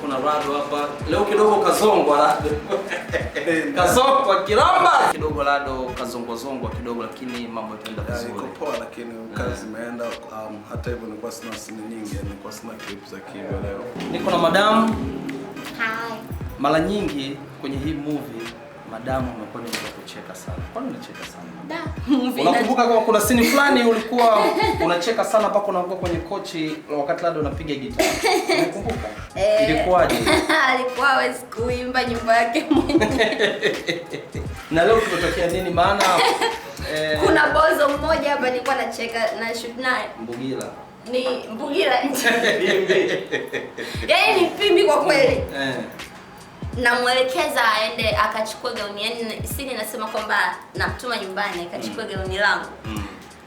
kuna rado hapa leo kidogo kazongwa rado kazongwa kiramba kidogo rado kazongwa zongwa kidogo, lakini mambo yataenda vizuri, iko poa, lakini kazi eh. imeenda. Um, hata hivyo nilikuwa sina sini nyingi, nilikuwa sina clips za kivyo. Leo niko na madamu. Hi. Mara nyingi kwenye hii movie madamu amekuwa ni mtu kucheka sana. Kwani unacheka sana? da Unakumbuka kwa kuna sini fulani ulikuwa unacheka sana mpaka unaanguka kwenye kochi wakati lado unapiga gitaa. Unakumbuka? Eh, ilikuwaje? alikuwa hawezi kuimba nyumba yake mwenyewe. na leo kutokea nini maana eh, kuna bozo mmoja hapa nilikuwa nacheka na shoot naye. Mbugila. Ni Mbugila nje. Yaani ni pimbi kwa kweli. Eh. Namwelekeza aende akachukua gauni, yaani sisi nasema kwamba namtuma nyumbani akachukua mm. gauni langu. Mm.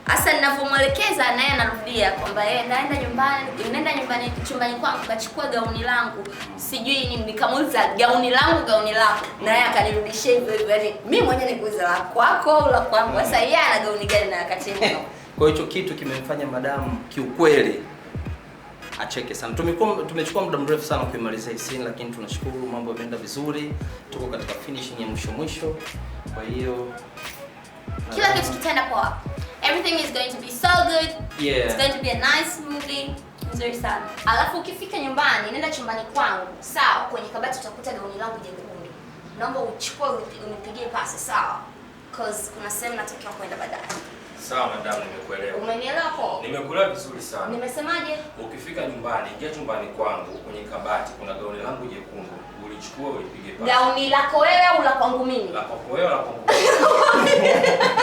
Hasa ninavyomwelekeza naye anarudia kwamba yeye eh, naenda nyumbani, nenda nyumbani chumbani kwangu kachukua gauni langu. Sijui ni nikamuuliza gauni langu, gauni lako. Naye akanirudishia hivyo hivyo. Yaani mimi mwenyewe nikuuza la kwako au la kwangu. Sasa yeye ana gauni gani na akachelewa. Kwa hiyo kitu kimemfanya madamu kiukweli acheke sana. Tumekuwa tumechukua muda mrefu sana kuimaliza hii scene, lakini tunashukuru mambo yameenda vizuri. Tuko katika finishing ya mwisho mwisho. Kwa hiyo kila kitu kitaenda poa. Everything is going to be so good. Yeah. It's going to be a nice movie. Nzuri sana. Alafu ukifika nyumbani, nenda chumbani kwangu. Sawa, kwenye kabati utakuta gauni langu jekundu. Naomba uchukue unipigie pasi, sawa? Cuz kuna sehemu natakiwa kwenda baadaye. Sawa madam, nimekuelewa. Umenielewa hapo? Nimekuelewa vizuri sana. Nimesemaje? Ukifika nyumbani, ingia chumbani kwangu, kwenye kabati kuna gauni langu jekundu. Ulichukue ulipige pasi. Gauni lako wewe au la kwangu mimi? La kwako wewe, au la kwangu.